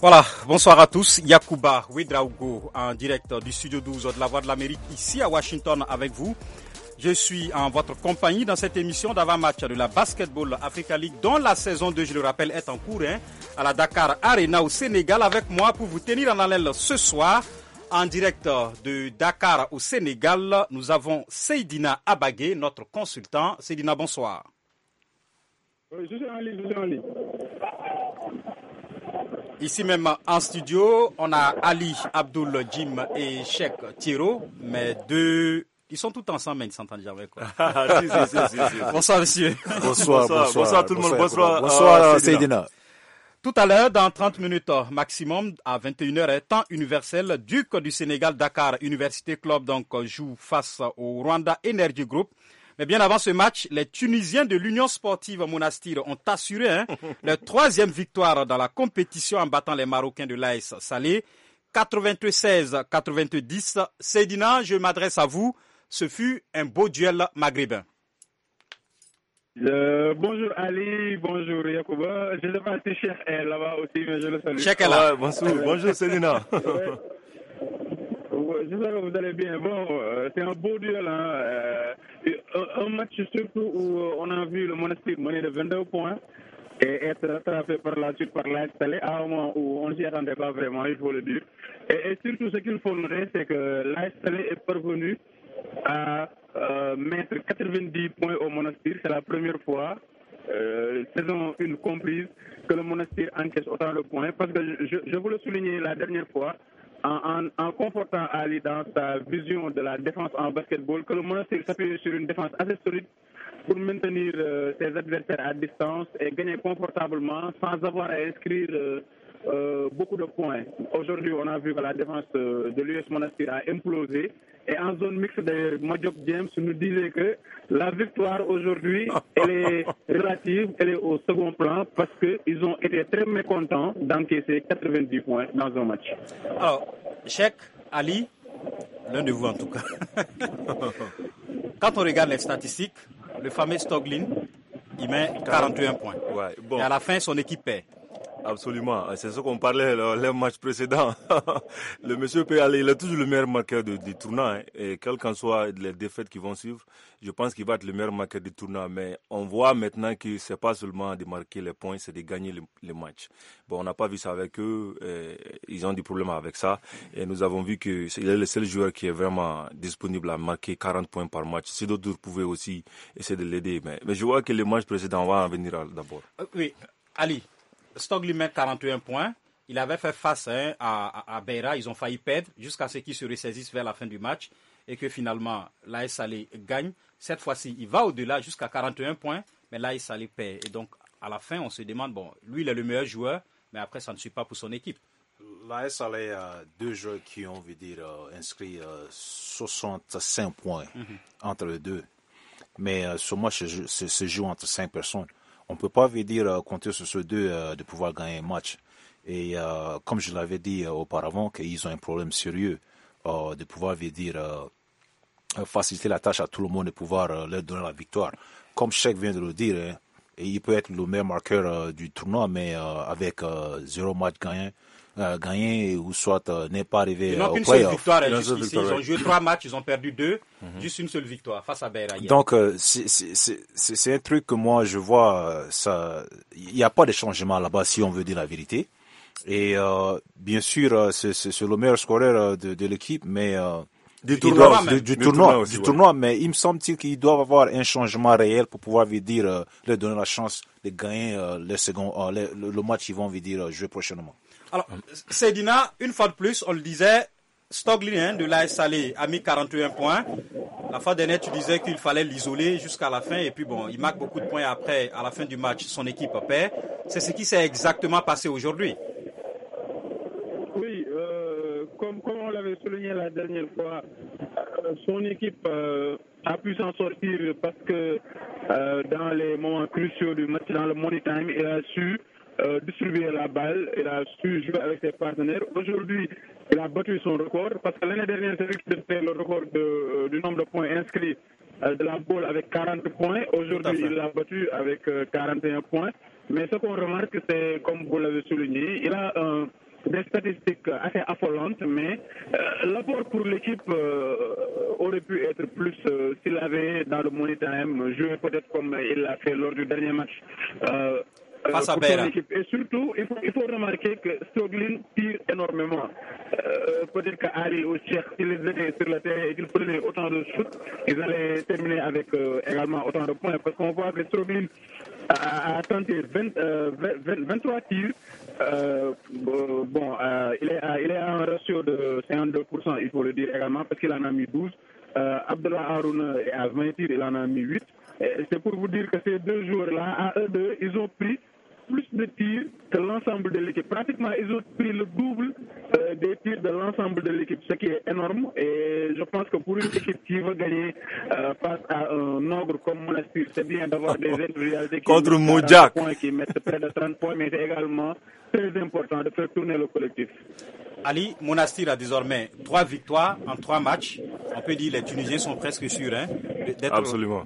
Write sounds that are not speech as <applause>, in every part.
Voilà, bonsoir à tous. Yakuba Ouedraogo en direct du studio 12 de la Voix de l'Amérique ici à Washington avec vous. Je suis en votre compagnie dans cette émission d'avant-match de la Basketball Africa League dont la saison 2, je le rappelle, est en cours hein, à la Dakar Arena au Sénégal avec moi pour vous tenir en haleine ce soir. En direct de Dakar au Sénégal, nous avons Seydina Abagé, notre consultant. Seydina, bonsoir. Oui, je suis en ligne, je suis en Ici même en studio, on a Ali Abdul Jim et Sheikh Thiro, mais deux ils sont tous ensemble, mais ils s'entendent jamais. Quoi. <laughs> Ah, bonsoir, monsieur. Bonsoir, bonsoir, bonsoir, tout le monde. Bonsoir, bonsoir, euh, euh, Seydina. Tout à l'heure, dans 30 minutes euh, maximum, à 21h, temps universel, Duc du Sénégal, Dakar, Université Club, donc, joue face au Rwanda Energy Group. Mais bien avant ce match, les Tunisiens de l'Union sportive Monastir ont assuré hein, <laughs> leur troisième victoire dans la compétition en battant les Marocains de l'AS Salé. 96-90. Sédina, je m'adresse à vous. Ce fut un beau duel maghrébin. Euh, bonjour Ali, bonjour Yacouba. Je ne sais pas si Cher est là-bas aussi, mais je le salue. bonjour, bonjour Sédina. <laughs> j'espère que vous allez bien. Bon, euh, c'est un beau duel. Hein. Euh, un match surtout où euh, on a vu le Monastir mener de 22 points et être rattrapé par la suite par l'Aïs e à un moment où on ne s'y attendait pas vraiment, il faut le dire. Et, surtout, ce qu'il faut c'est que l'Aïs e est parvenu à mettre 90 points au monastère. C'est la première fois, euh, saison une comprise, que le monastère encaisse autant de points. Parce que je, je vous le souligner, la dernière fois, en, en, confortant Ali dans sa vision de la défense en basketball, que le monastère s'appuie sur une défense assez solide pour maintenir euh, ses adversaires à distance et gagner confortablement sans avoir à inscrire euh, euh, beaucoup de points. Aujourd'hui, on a vu que la défense de l'US Monastir a implosé et en zone mixte de Madiop James nous disait que la victoire aujourd'hui, elle est <laughs> relative, elle est au second plan parce qu'ils ont été très mécontents d'encaisser 90 points dans un match. Alors, Cheikh, Ali, l'un de vous en tout cas. <laughs> Quand on regarde les statistiques, le fameux Stoglin, il met 41 points. bon. Et à la fin, son équipe paie. Absolument, c'est ce qu'on parlait le, le match précédent. <laughs> le monsieur peut il est toujours le meilleur marqueur du, du tournoi, hein. et quelles qu'en soient les défaites qui vont suivre, je pense qu'il va être le meilleur marqueur du tournoi. Mais on voit maintenant que n'est pas seulement de marquer les points, c'est de gagner les matchs. Bon, on n'a pas vu ça avec eux, ils ont du problème avec ça, et nous avons vu que est, est le seul joueur qui est vraiment disponible à marquer 40 points par match. Si d'autres pouvaient aussi essayer de l'aider, mais, je vois que le match précédent va en venir d'abord. Euh, oui, Ali. Stock lui met 41 points. Il avait fait face hein, à, à, Beira. Ils ont failli perdre jusqu'à ce qu'ils se ressaisissent vers la fin du match et que finalement l'AS Salé gagne. Cette fois-ci, il va au-delà jusqu'à 41 points, mais l'AS Salé perd. Et donc, à la fin, on se demande, bon, lui, il est le meilleur joueur, mais après, ça ne suit pas pour son équipe. L'AS Salé a deux joueurs qui ont, veut dire, euh, inscrit 65 euh, points mhm. entre les deux. Mais euh, ce match se joue entre cinq personnes on ne peut pas dire euh, compter sur ceux deux euh, de pouvoir gagner un match. Et euh, comme je l'avais dit auparavant, qu'ils ont un problème sérieux de pouvoir dire faciliter la tâche à tout le monde et pouvoir leur donner la victoire. Comme Cheikh vient de le dire, hein, il peut être le meilleur marqueur du tournoi, mais avec zéro match gagné, euh, gagné ou soit euh, n'est pas arrivé ils euh, au qu'une Ils, ont joué trois matchs, ils ont perdu deux, mhm. juste une seule victoire face à Beira. Donc c'est un truc que moi je vois, ça, il n'y a pas de changement là-bas si on veut dire la vérité. Et bien sûr, c'est le meilleur scoreur de, l'équipe, mais du tournoi, du, tournoi, mais il me semble-t-il qu'ils doivent avoir un changement réel pour pouvoir lui dire leur donner la chance de gagner le second, le, match qu'ils vont lui dire jouer prochainement. Alors, Sedina, une fois de plus, on le disait, Stoglin hein, de l'AS Salé a mis 41 points. La fois dernière, tu disais qu'il fallait l'isoler jusqu'à la fin. Et puis bon, il marque beaucoup de points après, à la fin du match, son équipe perd. C'est ce qui s'est exactement passé aujourd'hui. Oui, euh, comme, on l'avait souligné la dernière fois, euh, son équipe euh, a pu s'en sortir parce que dans les moments cruciaux du match, dans le money time, il a su euh, la balle, il a su jouer avec ses partenaires. Aujourd'hui, il a battu son record parce que l'année dernière, c'était le record euh, du nombre de points inscrits euh, de la balle avec 40 points. Aujourd'hui, il l'a battu avec 41 points. Mais ce qu'on remarque, c'est, comme vous l'avez souligné, il a des statistiques assez affolantes, mais l'apport pour l'équipe aurait pu être plus s'il avait, dans le money time, joué peut-être comme il l'a fait lors du dernier match euh, face à Et surtout, il faut, remarquer que Stoglin tire énormément. Euh, Peut-être qu'Ari ou Cheikh, s'ils étaient sur la terre et qu'ils prenaient autant de shoots, ils allaient terminer avec euh, également autant de points. Parce qu'on voit que Stoglin a, tenté 23 euh, tirs. bon, il, est à, il est à un ratio de 52%, il faut le dire également, parce qu'il en a mis 12. Abdullah Haroun est à 20 tirs, il en a mis 8. C'est pour vous dire que ces deux joueurs-là, à eux deux, ils ont pris plus de tirs que l'ensemble de l'équipe. Pratiquement, ils ont pris le double euh, des tirs de l'ensemble de l'équipe, ce qui est énorme. Et je pense que pour une équipe qui veut gagner euh, face à un ogre comme Monastir, c'est bien d'avoir des aides qui mettent près de 30 points, mais également très important de faire tourner le collectif. Ali, Monastir a désormais trois victoires en trois matchs. On peut dire les Tunisiens sont presque sûrs hein,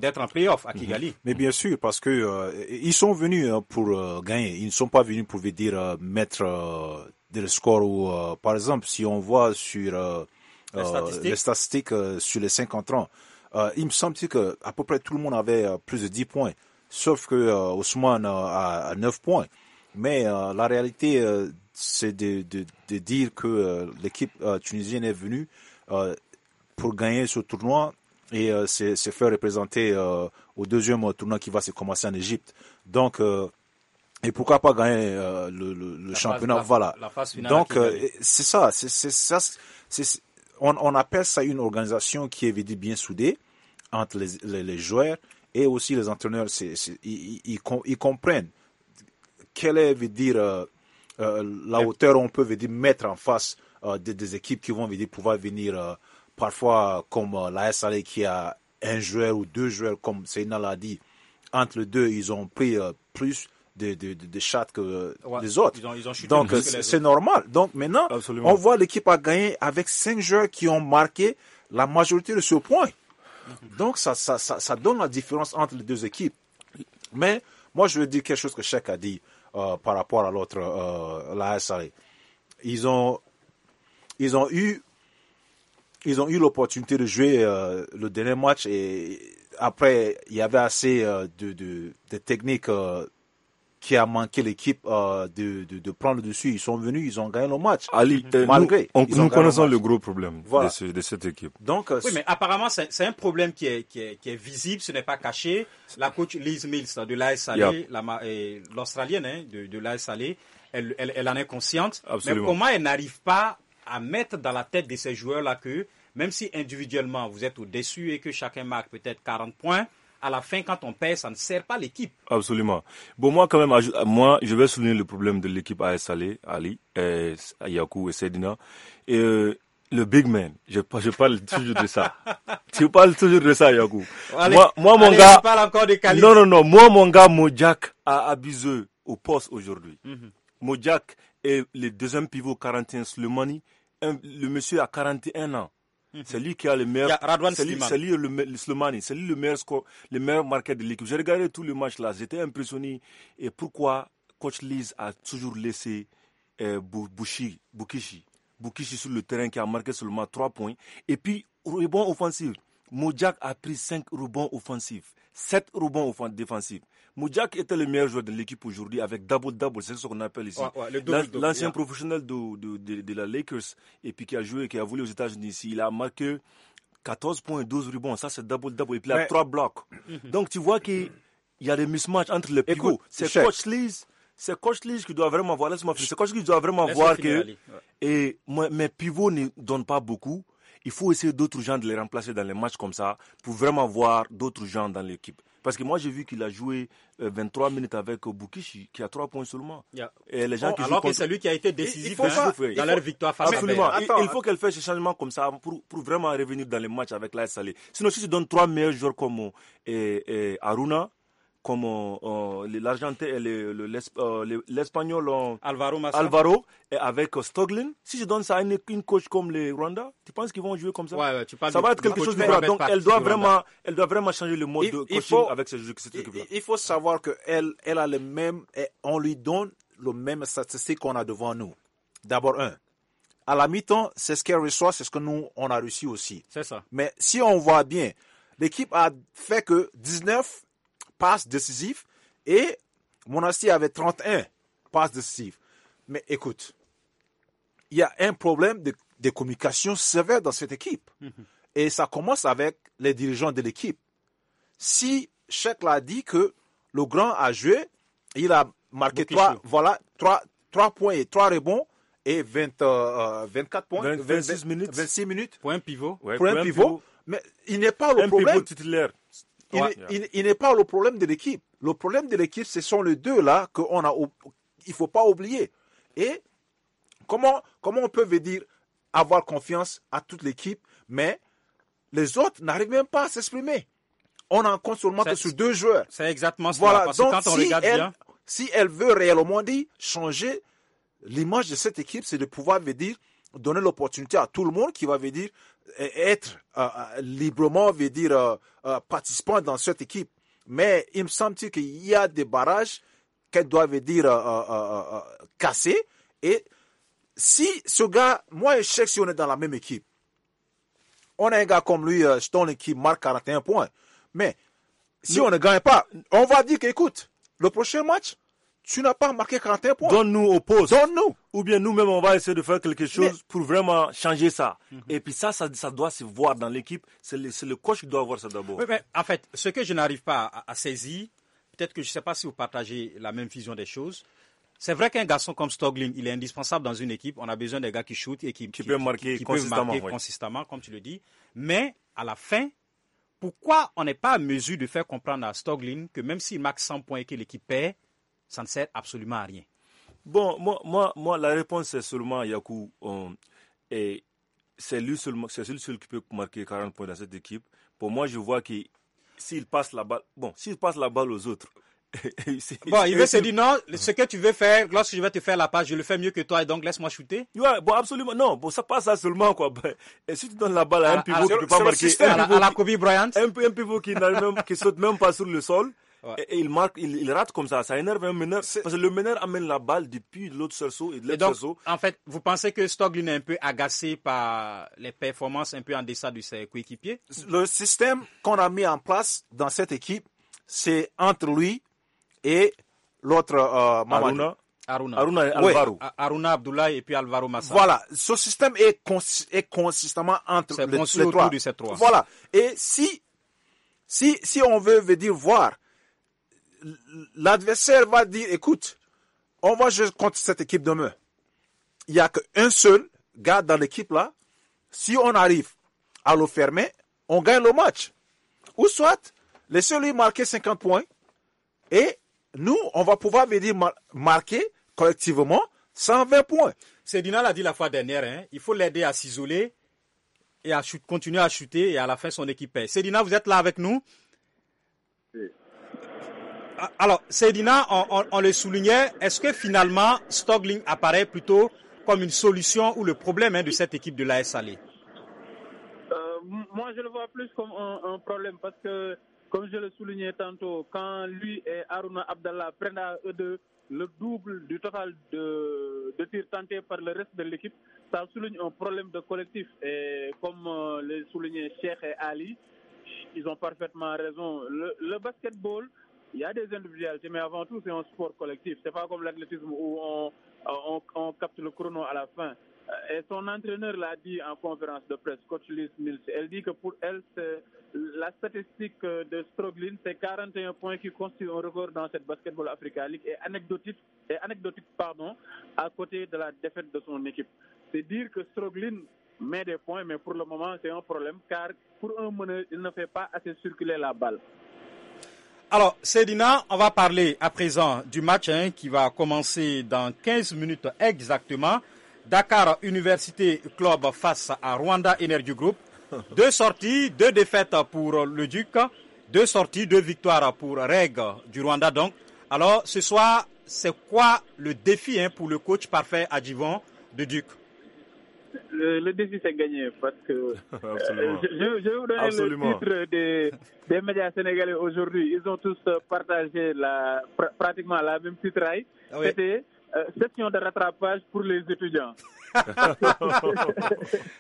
d'être en playoff à mhm. Kigali. Mais bien sûr, parce que euh, ils sont venus euh, pour euh, gagner. Ils ne sont pas venus pour dire mettre des scores. Ou par exemple, si on voit sur les statistiques, sur les 50 ans, il me semble que à peu près tout le monde avait plus de 10 points, sauf que Ousmane a 9 points. Mais euh, la réalité, euh, c'est de, dire que euh, l'équipe tunisienne est venue pour gagner ce tournoi et se, faire représenter au deuxième tournoi qui va se commencer en Égypte. Donc, et pourquoi pas gagner le, le, championnat Voilà. Donc, c'est ça. on, appelle ça une organisation qui est bien soudée entre les, les joueurs et aussi les entraîneurs. Ils comprennent quelle est veut dire, euh, euh, la hauteur on peut veut dire, mettre en face euh, des, équipes qui vont veut dire, pouvoir venir parfois comme la SAL qui a un joueur ou deux joueurs, comme Seyna l'a dit, entre les deux, ils ont pris plus de, de, que les autres. Donc, c'est normal. Donc, maintenant, on voit l'équipe a gagné avec cinq joueurs qui ont marqué la majorité de ce point. Mhm. Donc, ça, ça, ça, donne la différence entre les deux équipes. Mais, moi, je veux dire quelque chose que Cheikh a dit. Euh, par rapport à l'autre, euh, la SAE. Ils ont, ils ont eu, ils ont eu l'opportunité de jouer euh, le dernier match et après il y avait assez de, de, de techniques qui a manqué l'équipe euh, de, de, prendre dessus. Ils sont venus, ils ont gagné le match. malgré. Nous, connaissons le gros problème de, cette équipe. Donc, euh, oui, mais apparemment, c'est un problème qui est, qui est, qui est visible, ce n'est pas caché. La coach Liz Mills de l'AS Salé, l'Australienne hein, de, de l'AS Salé, elle, elle, elle, en est consciente. Mais comment elle n'arrive pas à mettre dans la tête de ces joueurs-là que, même si individuellement vous êtes au-dessus et que chacun marque peut-être 40 points, à la fin, quand on perd, ça ne sert pas l'équipe. Absolument. Bon, moi, quand même, moi, je vais souligner le problème de l'équipe AS Ali, Ali euh, et Yaku et Sedina. Et euh, le big man, je, parle toujours de ça. <laughs> tu parles toujours de ça, Yaku. moi, moi mon gars. Tu parles encore de Cali. Non, non, non. Moi, mon gars, Mojak a abusé au poste aujourd'hui. Mm -hmm. est le deuxième pivot 41 Slemani. le monsieur a 41 ans. Mhm. C'est lui qui a le meilleur. le, le meilleur score, le meilleur marqueur de l'équipe. J'ai regardé tous les matchs là, j'étais impressionné. Et pourquoi coach Liz a toujours laissé euh, Bushi, sur le terrain qui a marqué seulement 3 points. Et puis, rebond offensif. Mojak a pris 5 rebonds offensifs, 7 rebonds défensifs. Moudjak était le meilleur joueur de l'équipe aujourd'hui avec double double, c'est ce qu'on appelle ici. L'ancien professionnel de, de, la Lakers et puis qui a joué, qui a voulu aux États-Unis ici, il a marqué 14 points, 12 rebonds, ça c'est double double et puis il a 3 blocs. Donc tu vois qu'il y a des mismatchs entre les pivots. C'est Coach Lee, c'est Coach qui doit vraiment voir, laisse-moi c'est Coach qui doit vraiment voir que et mes pivots ne donnent pas beaucoup. Il faut essayer d'autres gens de les remplacer dans les matchs comme ça pour vraiment voir d'autres gens dans l'équipe. Parce que moi, j'ai vu qu'il a joué 23 euh, minutes avec Bukishi, qui a 3 points seulement. Et les gens oh, qui alors que c'est lui qui a été décisif dans faut... leur victoire face Absolument. à Absolument. Il, faut qu'elle fasse ce changement comme ça pour, pour vraiment revenir dans les matchs avec la Salé. E. Sinon, si tu donnes trois meilleurs joueurs comme euh, euh, Aruna, comme euh, euh, l'argenté l'Argentin et euh, l'Espagnol le, Alvaro, Alvaro, et avec Stoglin. Si je donne ça à une, coach comme les Rwanda, tu penses qu'ils vont jouer comme ça ouais, Ça va être quelque chose de grave. Donc elle doit, vraiment, elle doit vraiment changer le mode de coaching avec ce jeu. Il, faut savoir qu'elle elle a le même, et on lui donne le même statistique qu'on a devant nous. D'abord, un, à la mi-temps, c'est ce qu'elle reçoit, c'est ce que nous, on a reçu aussi. C'est ça. Mais si on voit bien, l'équipe a fait que 19 passe décisif, et Monastir avait 31 passes décisives. Mais écoute, il y a un problème de, communication sévère dans cette équipe. Mm-hmm. Et ça commence avec les dirigeants de l'équipe. Si Chekla l'a dit que le grand a joué, il a marqué trois, voilà, trois, trois points et trois rebonds et 20, 24 euh, euh, points. 26, minutes. 26 minutes. Pour un pivot. pivot, Mais il n'est pas le un problème. titulaire il, n'est pas le problème de l'équipe. Le problème de l'équipe, ce sont les deux là qu'on a. Il faut pas oublier. Et comment comment on peut dire avoir confiance à toute l'équipe, mais les autres n'arrivent même pas à s'exprimer. On en compte seulement que sur deux joueurs. C'est exactement ça. voilà. Parce Donc, quand on si regarde elle, veut réellement dire changer l'image de cette équipe, c'est de pouvoir dire donner l'opportunité à tout le monde qui va venir dire être euh, euh, librement veut dire euh, participant dans cette équipe. Mais il me semble qu'il y a des barrages qu'elle doivent dire casser. Et si ce gars, moi et si on est dans la même équipe, on a un gars comme lui, Stone, qui marque 41 points. Mais si on ne gagne pas, on va dire qu'écoute, le prochain match, tu n'as pas marqué 41 points. Donne-nous au poste. Donne-nous. Ou bien nous-mêmes, on va essayer de faire quelque chose pour vraiment changer ça. Mhm. Et puis ça, ça, doit se voir dans l'équipe. C'est le, coach qui doit voir ça d'abord. en fait, ce que je n'arrive pas à, saisir, peut-être que je ne sais pas si vous partagez la même vision des choses. C'est vrai qu'un garçon comme Stoglin, il est indispensable dans une équipe. On a besoin des gars qui shootent et qui, qui, marquer, consistamment, comme tu le dis. Mais à la fin, pourquoi on n'est pas à mesure de faire comprendre à Stoglin que même s'il marque 100 points et que l'équipe perd, ça ne sert absolument à rien. Bon, moi, moi, moi la réponse, c'est seulement, Yakou, euh, et c'est lui, seul, c'est lui seul qui peut marquer 40 points dans cette équipe. Pour moi, je vois que s'il passe la balle, bon, s'il passe la balle aux autres, <laughs> bon, il veut se dire non, ce que tu veux faire, lorsque je vais te faire la passe, je le fais mieux que toi et donc laisse-moi shooter. Oui, bon, absolument, non, bon, ça passe à seulement quoi. Ben, et si tu donnes la balle à, un pivot qui ne peut pas marquer, à, la, Kobe Bryant, un, pivot qui, qui saute même pas sur le sol, et, il marque, il, rate comme ça. Ça énerve un meneur. Parce que le meneur amène la balle depuis l'autre cerceau et de l'autre En fait, vous pensez que Stoglin est un peu agacé par les performances un peu en deçà de ses coéquipiers Le système qu'on a mis en place dans cette équipe, c'est entre lui et l'autre euh, Aruna. Aruna. Aruna, et Alvaro. Aruna Abdoulaye et puis Alvaro Massa. Voilà, ce système est, cons est consistamment entre est les, trois. De ces trois. Voilà. Et si si si on veut, veut dire voir l'adversaire va dire, écoute, on va jouer contre cette équipe demain. Il n'y a qu'un seul gars dans l'équipe là. Si on arrive à le fermer, on gagne le match. Ou soit, laissez-lui marquer 50 points et nous, on va pouvoir venir marquer collectivement 120 points. Sédina l'a dit la fois dernière, hein, il faut l'aider à s'isoler et à continuer à chuter et à la fin son équipe paye. Sédina, vous êtes là avec nous ah, alors, Sedina, on, le soulignait, est-ce que finalement Stogling apparaît plutôt comme une solution ou le problème hein, de cette équipe de l'AS ali euh, Moi, je le vois plus comme un, problème parce que, comme je le soulignais tantôt, quand lui et Aruna Abdallah prennent à eux deux le double du total de, de tirs tentés par le reste de l'équipe, ça souligne un problème de collectif. Et comme euh, le soulignaient Cheikh et Ali, ils ont parfaitement raison. Le, le basketball, il y a des individualités, mais avant tout, c'est un sport collectif. C'est pas comme l'athlétisme où on, capte le chrono à la fin. Euh, et son entraîneur l'a dit en conférence de presse, coach Liz Mills. Elle dit que pour elle, la statistique de Stroglin, c'est 41 points qui constituent un record dans cette Basketball Africa League et anecdotique, et anecdotique pardon, à côté de la défaite de son équipe. C'est dire que Stroglin met des points, mais pour le moment, c'est un problème car pour un meneur, il ne fait pas assez circuler la balle. Alors, Sedina, on va parler à présent du match hein, qui va commencer dans 15 minutes exactement. Dakar Université Club face à Rwanda Energy Group. <laughs> Deux sorties, deux défaites pour le Duc, deux sorties, deux victoires pour Reg du Rwanda. Donc, alors ce soir, c'est quoi le défi hein, pour le coach parfait à Divon de Duc le, défi c'est gagné parce que <laughs> euh, je, je vous donner le titre des, médias sénégalais aujourd'hui. Ils ont tous partagé la, pratiquement la même petite rail ah C'était euh, session de rattrapage pour les étudiants. <laughs>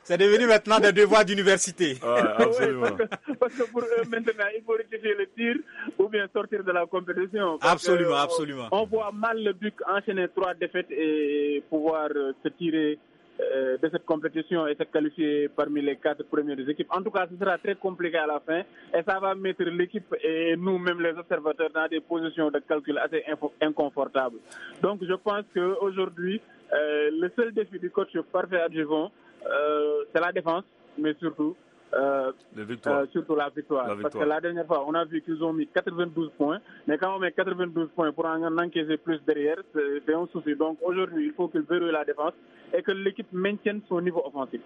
c'est devenu maintenant des devoirs d'université. <laughs> parce, que, pour eux, maintenant, il faut rectifier le tir ou bien sortir de la compétition. Absolument, absolument. On, voit mal le but enchaîner trois défaites et pouvoir euh, se tirer euh, de cette compétition et se qualifier parmi les quatre premières équipes. En tout cas, ce sera très compliqué à la fin et ça va mettre l'équipe et nous-mêmes les observateurs dans des positions de calcul assez inconfortables. Donc je pense qu'aujourd'hui, euh, le seul défi du coach parfait adjuvant, euh, c'est la défense, mais surtout euh, euh, surtout la victoire. la Parce que la dernière fois, on a vu qu'ils ont mis 92 points, mais quand on met 92 points pour en encaisser plus derrière, c'est un souci. Donc aujourd'hui, il faut que qu'ils verrouillent la défense et que l'équipe maintienne son niveau offensif.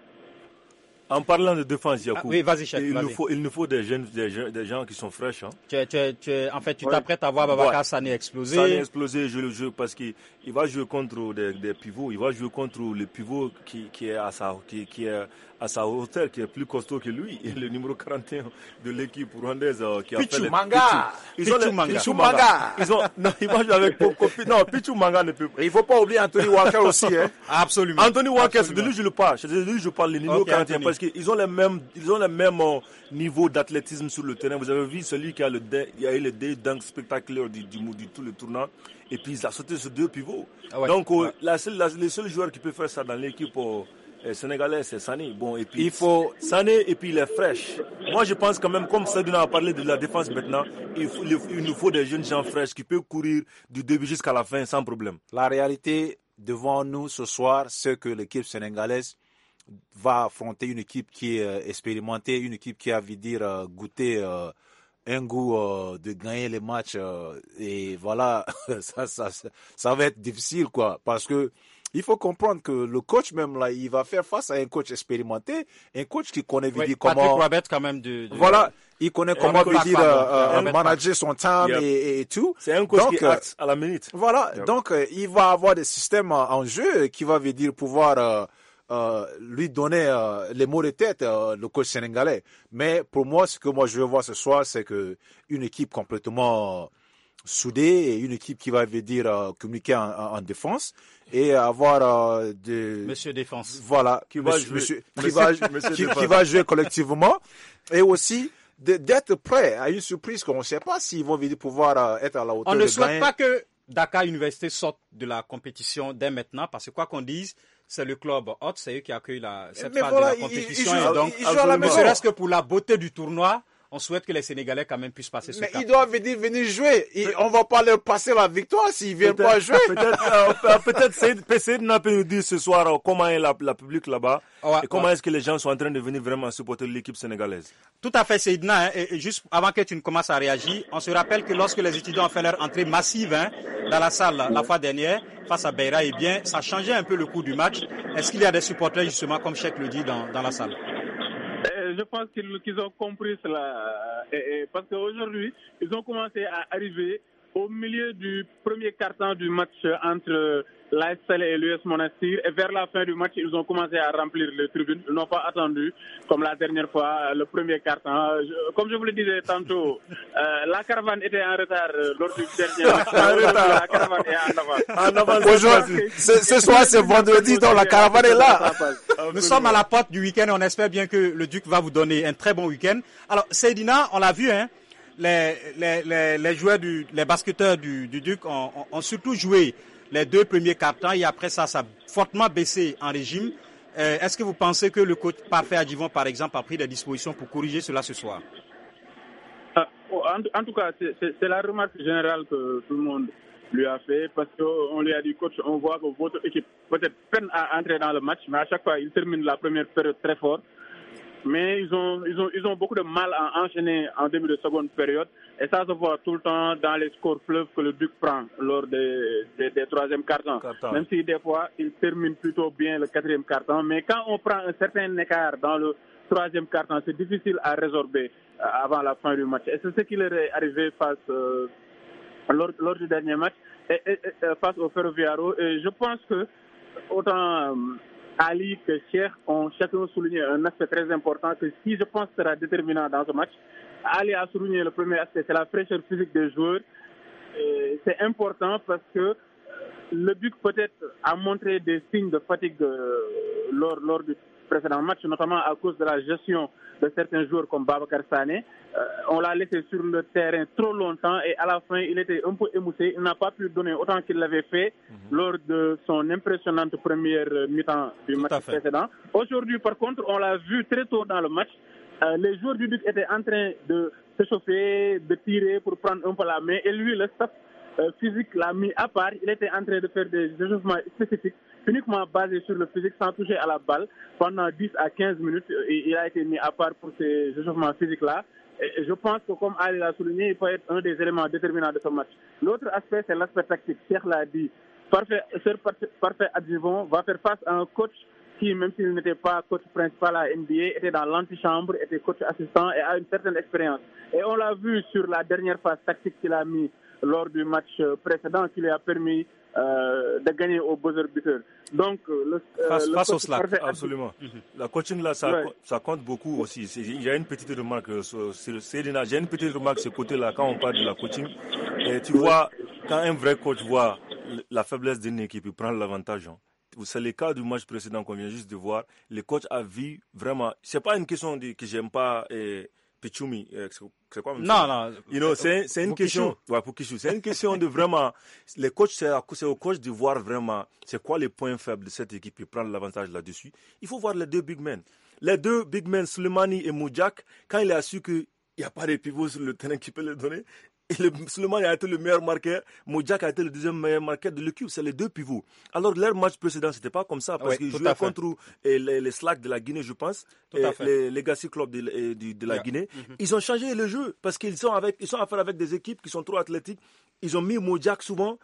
En parlant de défense, Yacou, ah il, nous faut, il nous faut des jeunes, des, gens qui sont fraîches. Hein. en fait, tu t'apprêtes à voir Babacar ouais. Sané exploser. Sané exploser, je le jure, parce que il va jouer contre des, pivots, il va jouer contre le pivot qui, est à sa, qui, est à sa hauteur, qui est plus costaud que lui, et le numéro 41 de l'équipe rwandaise euh, qui a Pichu Manga. Pichu. Manga. Pichu Manga. Ils ont, non, jouer avec Non, Pichu Manga ne peut Il faut pas oublier Anthony Walker aussi, hein. <laughs> Absolument. Anthony Walker, c'est de lui que je parle. C'est de lui que je parle, le numéro 41, parce qu'ils ont les mêmes, ils ont le même euh, niveau d'athlétisme sur le terrain. Vous avez vu celui qui a le, il a eu le dé spectaculaire du, du, du tout le tournant et puis il a sauté sur deux pivots. Ah Donc, euh, La seule, le seul joueur qui peut faire ça dans l'équipe euh, euh, sénégalaise, c'est Sané. Bon, et puis, il faut Sané et puis il est fraîche. Moi, je pense quand même, comme Sadina a parlé de la défense maintenant, il, nous faut des jeunes gens fraîches qui peuvent courir du début jusqu'à la fin sans problème. La réalité devant nous ce soir, c'est que l'équipe sénégalaise va affronter une équipe qui est expérimentée, une équipe qui a, vu dire, goûté un goût euh, de gagner les matchs euh, et voilà <laughs> ça, ça, ça, va être difficile quoi parce que il faut comprendre que le coach même là, il va faire face à un coach expérimenté, un coach qui connaît oui, comment. Patrick quand même de, Voilà, il connaît comment dire, euh, manager son temps et, tout. C'est un coach donc, qui à la minute. Voilà, donc il va avoir des systèmes en jeu qui va venir dire pouvoir euh, lui donner euh, les mots de tête, euh, le coach sénégalais. Mais pour moi, ce que moi je veux voir ce soir, c'est que une équipe complètement soudée et une équipe qui va veut dire communiquer en, défense et avoir Monsieur défense voilà qui va jouer, qui, va, <laughs> qui, va jouer collectivement et aussi d'être prêt à une surprise qu'on ne sait pas s'ils vont pouvoir être à la hauteur. On ne souhaite pas que Dakar Université sorte de la compétition dès maintenant parce que quoi qu'on dise, c'est le club hôte, c'est eux qui accueillent la, cette phase de la compétition. et donc, ne serait-ce que pour la beauté du tournoi, on souhaite que les Sénégalais quand même puissent passer ce Mais ils doivent venir, jouer. Et on va pas leur passer la victoire s'ils viennent pas jouer. Peut-être, euh, peut <laughs> nous dire ce soir euh, comment est la, public là-bas ah et comment est-ce que les gens sont en train de venir vraiment supporter l'équipe sénégalaise. Tout à fait, Seydna. Hein, et, juste avant que tu ne commences à réagir, on se rappelle que lorsque les étudiants ont fait leur entrée massive hein, dans la salle la fois dernière face à Beira, eh bien, ça changeait un peu le cours du match. Est-ce qu'il y a des supporters justement, comme Cheikh le dit, dans la salle? Euh, je pense qu'ils ont compris cela. Euh, parce qu'aujourd'hui, ils ont commencé à arriver au milieu du premier quart du match entre l'ASL et l'US Monastir. Et vers la fin du match, ils ont commencé à remplir les tribunes. Ils n'ont pas attendu, comme la dernière fois, le premier quart Comme je vous le disais tantôt, <laughs> euh, la caravane était en retard euh, lors du dernier <laughs> match. la caravane est en avance. ce, soir, c'est vendredi, donc la caravane est là. Nous sommes à la porte du week-end. On espère bien que le Duc va vous donner un très bon week-end. Alors, Seydina, on l'a vu, hein les, joueurs, du, les basketteurs du, Duc ont, surtout joué les deux premiers quarts-temps et après ça, ça a fortement baissé en régime. Euh, est-ce que vous pensez que le coach Parfait à Divon, par exemple, a pris des dispositions pour corriger cela ce soir ah, oh, en, tout cas, c'est la remarque générale que tout le monde lui a fait parce qu'on lui a dit, coach, on voit que votre équipe peut-être peine à entrer dans le match, mais à chaque fois, il termine la première période très fort mais ils ont, ils ont, ils ont beaucoup de mal à enchaîner en début de seconde période. Et ça se voit tout le temps dans les scores fleuves que le Duc prend lors des, des, des troisième cartons. Même si des fois, il termine plutôt bien le quatrième carton. Mais quand on prend un certain écart dans le troisième carton, c'est difficile à résorber euh, avant la fin du match. Et c'est ce qui leur est arrivé face, euh, lors, du dernier match euh, face au Ferroviaro. Et je pense que autant Ali, que Cher ont chacun souligné un aspect très important que, si je pense, sera déterminant dans ce match. Ali a souligné le premier aspect, c'est la fraîcheur physique des joueurs. C'est important parce que le but peut-être a montré des signes de fatigue euh, lors, lors du précédent match, notamment à cause de la gestion de certains joueurs comme Babacar Sané. Euh, on l'a laissé sur le terrain trop longtemps et à la fin, il était un peu émoussé. Il n'a pas pu donner autant qu'il l'avait fait mhm. lors de son impressionnante première euh, mi-temps du match précédent. Aujourd'hui, par contre, on l'a vu très tôt dans le match. Euh, les joueurs du Duc étaient en train de se chauffer, de tirer pour prendre un peu la main. Et lui, le staff physique l'a mis à part. Il était en train de faire des échauffements spécifiques uniquement basé sur le physique sans toucher à la balle pendant 10 à 15 minutes. il a été mis à part pour ces échauffements physiques-là. je pense que, comme Ali l'a souligné, il peut être un des éléments déterminants de ce match. L'autre aspect, c'est l'aspect tactique. Pierre l'a dit. Parfait, parfait, adjuvant va faire face à un coach qui, même s'il n'était pas coach principal à NBA, était dans l'antichambre, était coach assistant et a une certaine expérience. Et on l'a vu sur la dernière phase tactique qu'il a mise lors du match euh, précédent qui lui a permis euh, de gagner au buzzer buzzer Donc, euh, le, face, au slack, absolument. Mhm. La coaching là, ça, ça compte beaucoup aussi. J'ai y une petite remarque, sur j'ai une petite remarque ce côté-là quand on parle de la coaching. Et tu vois, quand un vrai coach voit la faiblesse d'une équipe, il prend l'avantage. Hein. c'est le cas du match précédent qu'on vient juste de voir. Le coach a vu vraiment. Ce n'est pas une question de, que j'aime pas Pichumi, euh, c'est quoi Non, non. c'est une question. C'est une question de vraiment. Les coachs, c'est au coach de voir vraiment c'est quoi les points faibles de cette équipe et prendre l'avantage là-dessus. Il faut voir les deux big men. Les deux big men, Slimani et Moudjak, quand il a su qu'il n'y a pas de pivot sur le terrain qui peut le donner, et le, Suleiman a été le meilleur marqueur, Mojak a été le deuxième meilleur marqueur de l'équipe, c'est les deux pivots. Alors leur match précédent, c'était pas comme ça, parce qu'ils jouaient contre eh, les, Slack de la Guinée, je pense, eh, les Legacy Club eh, de, la Guinée. Mm-hmm. Ils ont changé le jeu, parce qu'ils sont, avec, ils sont affaire avec des équipes qui sont trop athlétiques. Ils ont mis Mojak souvent,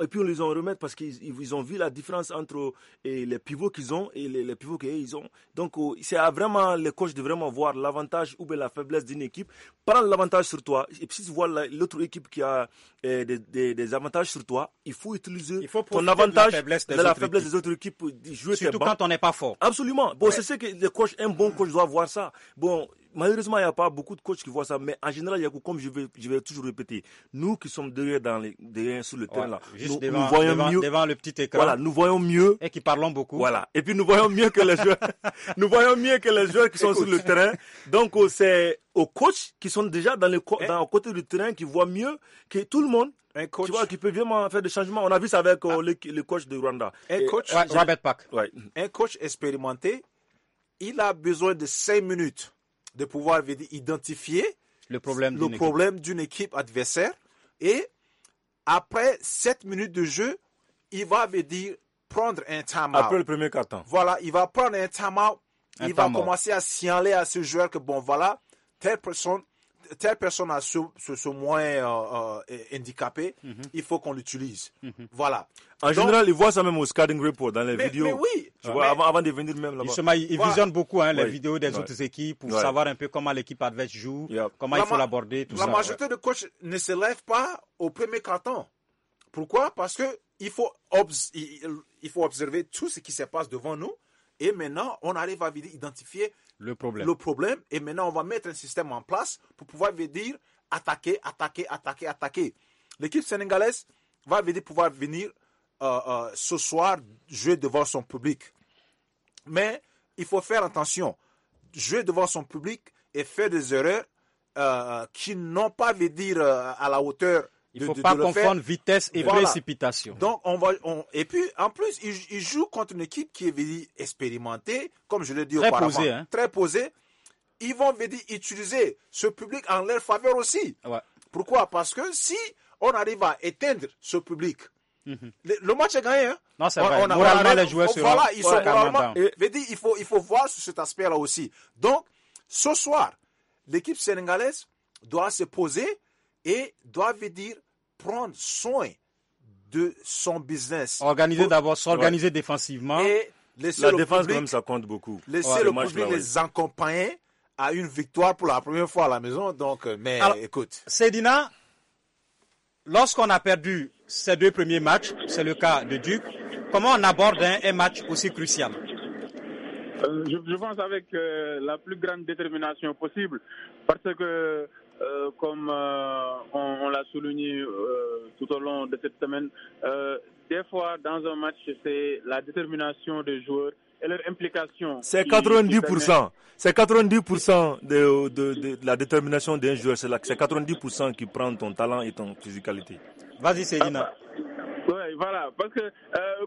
et puis on les en remet parce qu'ils ont vu la différence entre les pivots qu'ils ont et les, pivots qu'ils ont. Donc oh, c'est vraiment le coach de vraiment voir l'avantage ou la faiblesse d'une équipe. Prends l'avantage sur toi et puis si tu vois l'autre équipe qui a eh, des, des, avantages sur toi, il faut utiliser ton avantage de la faiblesse des, autres, équipes. Surtout quand on n'est pas fort. Absolument. Bon, c'est ce que le coach, un bon coach doit voir ça. Bon, malheureusement, il n'y a pas beaucoup de coachs qui voient ça, mais en général, comme je vais, je vais toujours répéter, nous qui sommes derrière, dans derrière sur le terrain, nous, voyons mieux. le petit écran. Voilà, nous voyons mieux. Et qui parlons beaucoup. Voilà. Et puis, nous voyons mieux que les <laughs> joueurs, nous voyons mieux que les joueurs qui sont sur le terrain. Donc, euh, c'est aux coachs qui sont déjà dans le, eh. côté du terrain, qui voient mieux que tout le monde. Tu vois, qui peut vraiment faire des changements. On a vu ça avec euh, ah. le, coach de Rwanda. Un coach, Un coach expérimenté, il a besoin de 5 minutes de pouvoir identifier le problème d'une équipe. adversaire. Et après 7 minutes de jeu, il va venir dire prendre un time-out. Après le premier carton. Voilà, il va prendre un time-out. Il va commencer à signaler à ce joueur que bon, voilà, telle personne telle personne a ce, ce, ce euh, euh, handicapé, mhm. il faut qu'on l'utilise. Mhm. Voilà. En général, ils voient ça même au scouting report, dans les vidéos. Mais oui. Tu vois, avant, de venir même là-bas. Ils, visionnent beaucoup hein, les vidéos des autres équipes pour savoir un peu comment l'équipe adverse joue, comment il faut l'aborder, tout ça. La majorité de coachs ne se lèvent pas au premier carton. Pourquoi Parce que il faut observer tout ce qui se passe devant nous et maintenant, on arrive à identifier le problème. Le problème. Et maintenant, on va mettre un système en place pour pouvoir venir attaquer, attaquer, attaquer, attaquer. L'équipe sénégalaise va venir pouvoir venir euh, euh, ce soir jouer devant son public. Mais il faut faire attention. Jouer devant son public et faire des erreurs euh, qui n'ont pas venir dire à la hauteur il ne faut pas confondre vitesse et précipitation. Donc on va et puis en plus il, jouent joue contre une équipe qui est expérimentée, comme je l'ai dit très auparavant, hein. très posée. Ils vont venir utiliser ce public en leur faveur aussi. Pourquoi Parce que si on arrive à éteindre ce public, mhm. le, match est gagné. Hein. Non, c'est vrai. On, on les joueurs sur voilà, ils il faut il faut voir sur cet aspect-là aussi. Donc ce soir, l'équipe sénégalaise doit se poser et doit dire prendre soin de son business. Organiser d'abord, s'organiser défensivement. Et la défense, ça compte beaucoup. Laisser le public les accompagner à une victoire pour la première fois à la maison. Donc, euh, mais écoute. Sedina, lorsqu'on a perdu ces deux premiers matchs, c'est le cas de Duc, comment on aborde un, match aussi crucial euh, je, pense avec euh, la plus grande détermination possible parce que euh, comme euh, on, l'a souligné euh, tout au long de cette semaine, des fois dans un match, c'est la détermination des joueurs et leur implication. C'est 90%. C'est 90% de, de, la détermination d'un joueur. C'est 90% qui prend ton talent et ton physicalité. Vas-y, Céline. Ah, oui, voilà, parce que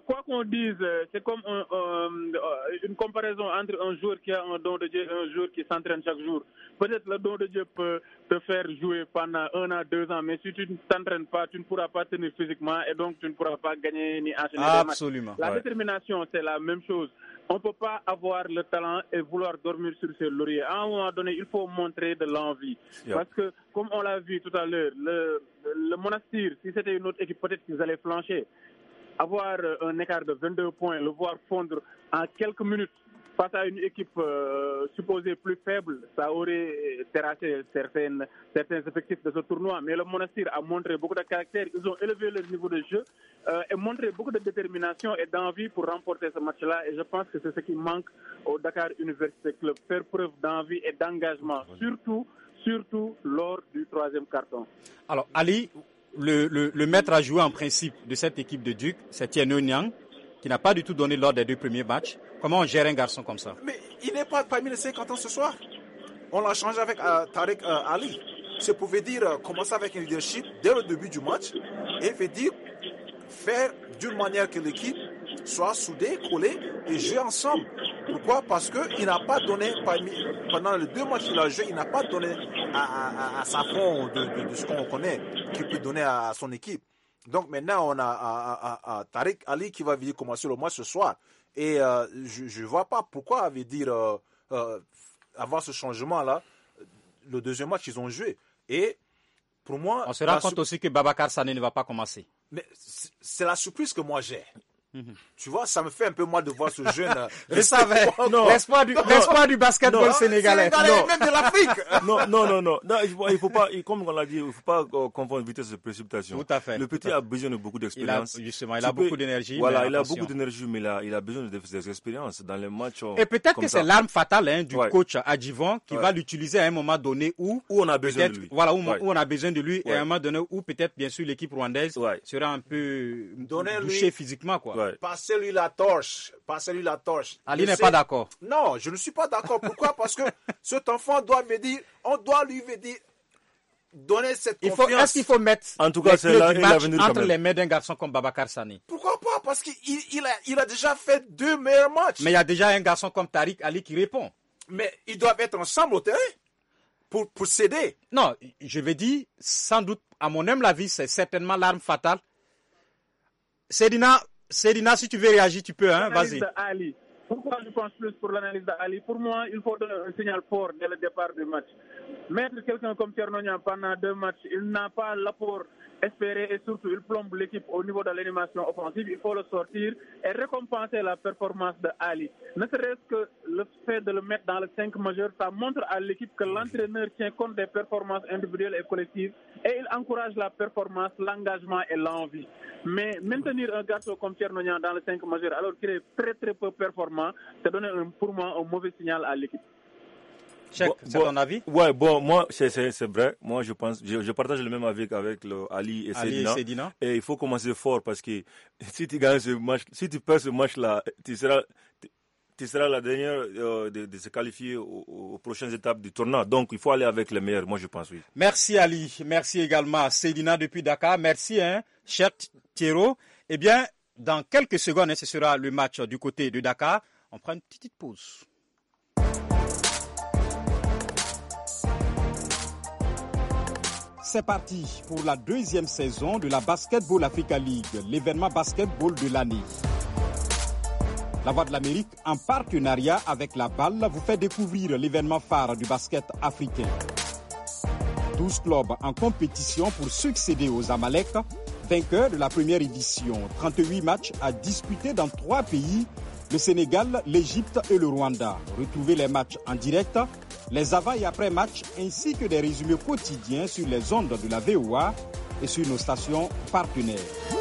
quoi qu'on dise, c'est comme une comparaison entre un joueur qui a un don de Dieu et un joueur qui s'entraîne chaque jour. Peut-être le don de Dieu peut te faire jouer pendant un à deux ans, mais si tu ne t'entraînes pas, tu ne pourras pas tenir physiquement et donc tu ne pourras pas gagner ni enchaîner. Absolument. La détermination, c'est la même chose. On ne peut pas avoir le talent et vouloir dormir sur ses lauriers. À un moment donné, il faut montrer de l'envie. Parce que, comme on l'a vu tout à l'heure, le, le monastère, si c'était une autre équipe, peut-être qu'ils allaient flancher. Avoir un écart de 22 points, le voir fondre en quelques minutes, face à une équipe euh, supposée plus faible, ça aurait terrassé certains effectifs de ce tournoi. Mais le Monastir a montré beaucoup de caractère, ils ont élevé leur niveau de jeu euh, et montré beaucoup de détermination et d'envie pour remporter ce match-là. Et je pense que c'est ce qui manque au Dakar Université Club, faire preuve d'envie et d'engagement, surtout, surtout lors du troisième carton. Alors Ali, le, le, maître à jouer en principe de cette équipe de Duc, c'est Tieno Onyang qui n'a pas du tout donné lors des deux premiers matchs. Comment on gère un garçon comme ça Mais il n'est pas parmi les 50 ans ce soir. On l'a changé avec euh, Tarek euh, Ali. Ça pouvait dire euh, commencer avec un leadership dès le début du match et faire d'une manière que l'équipe soit soudée, collée et jouer ensemble. Pourquoi Parce qu'il n'a pas donné, pendant les deux matchs qu'il a joué, il n'a pas donné à, sa fond de, de ce qu'on connaît, qu'il peut donner à son équipe. Donc maintenant, on a, Tariq Ali qui va venir commencer le match ce soir. Et euh, je ne vois pas pourquoi avait dire euh, euh, avoir ce changement-là. Le deuxième match, ils ont joué. Et pour moi... On se rend compte aussi que Babacar Sané ne va pas commencer. Mais c'est la surprise que moi j'ai. Mhm. Tu vois, ça me fait un peu mal de voir ce jeune. Euh, <laughs> Je savais. <laughs> L'espoir du, l'espoir du basketball non. sénégalais. sénégalais non. Même de l'Afrique. <laughs> non, non, non, non, non. il faut, il faut pas, comme on l'a dit, il faut pas euh, confondre vitesse et précipitation. Tout à fait. Le petit a besoin de beaucoup d'expérience. Justement, il a beaucoup d'énergie. Voilà, il a beaucoup d'énergie, mais il a besoin de des expériences dans les matchs. Euh, et peut-être que c'est l'arme fatale hein, du coach Adjivan qui va l'utiliser à un moment donné où, où on a besoin de lui. Voilà, où, on a besoin de lui et à un moment donné où peut-être bien sûr l'équipe rwandaise sera un peu touchée physiquement quoi. Passez-lui la torche. Passez-lui la torche. Ali n'est pas d'accord. Non, je ne suis pas d'accord. Pourquoi <laughs> Parce que cet enfant doit me dire, on doit lui dire, donner cette il faut, Est-ce qu'il faut mettre en tout cas, là, match entre les mains d'un garçon comme Babacar Sani Pourquoi pas Parce qu'il il a, déjà fait deux meilleurs matchs. Mais il y a déjà un garçon comme Tariq Ali qui répond. Mais ils doivent être ensemble au terrain pour, pour céder. Non, je vais dire, sans doute, à mon humble avis, c'est certainement l'arme fatale. Sedina Serina, si tu veux réagir, tu peux, hein, vas-y. Pourquoi je pense plus pour l'analyse d'Ali Pour moi, il faut donner un signal fort dès le départ du match. Mettre quelqu'un comme Tchernognan pendant deux matchs, il n'a pas l'apport espérer et surtout il plombe l'équipe au niveau de l'animation offensive, il faut le sortir et récompenser la performance de Ali. Ne serait-ce que le fait de le mettre dans le 5 majeur, ça montre à l'équipe que l'entraîneur tient compte des performances individuelles et collectives et il encourage la performance, l'engagement et l'envie. Mais maintenir un garçon comme Tchernonian dans le 5 majeur alors qu'il est très très peu performant, c'est donner pour moi un mauvais signal à l'équipe. Check, c'est ton avis Ouais, bon, moi, c'est vrai. Moi, je pense, je, partage le même avis avec Ali et Sedina. et, il faut commencer fort parce que <laughs> si tu gagnes ce match, si tu perds ce match-là, tu seras, la dernière euh, de, se qualifier aux, prochaines étapes du tournoi. Donc, il faut aller avec les meilleurs, moi, je pense, oui. Merci, Ali. Merci également, Sedina depuis Dakar. Merci, hein, cher Thierry. Eh bien, dans quelques secondes, hein, ce sera le match du côté de Dakar. On prend une petite pause. C'est parti pour la deuxième saison de la Basketball Africa League, l'événement basketball de l'année. La Voix de l'Amérique, en partenariat avec la Balle, vous fait découvrir l'événement phare du basket africain. 12 clubs en compétition pour succéder aux Amalek, vainqueurs de la première édition. 38 matchs à disputer dans trois pays, le Sénégal, l'Égypte et le Rwanda. Retrouvez les matchs en direct les avant et après match, ainsi que des résumés quotidiens sur les ondes de la VOA et sur nos stations partenaires.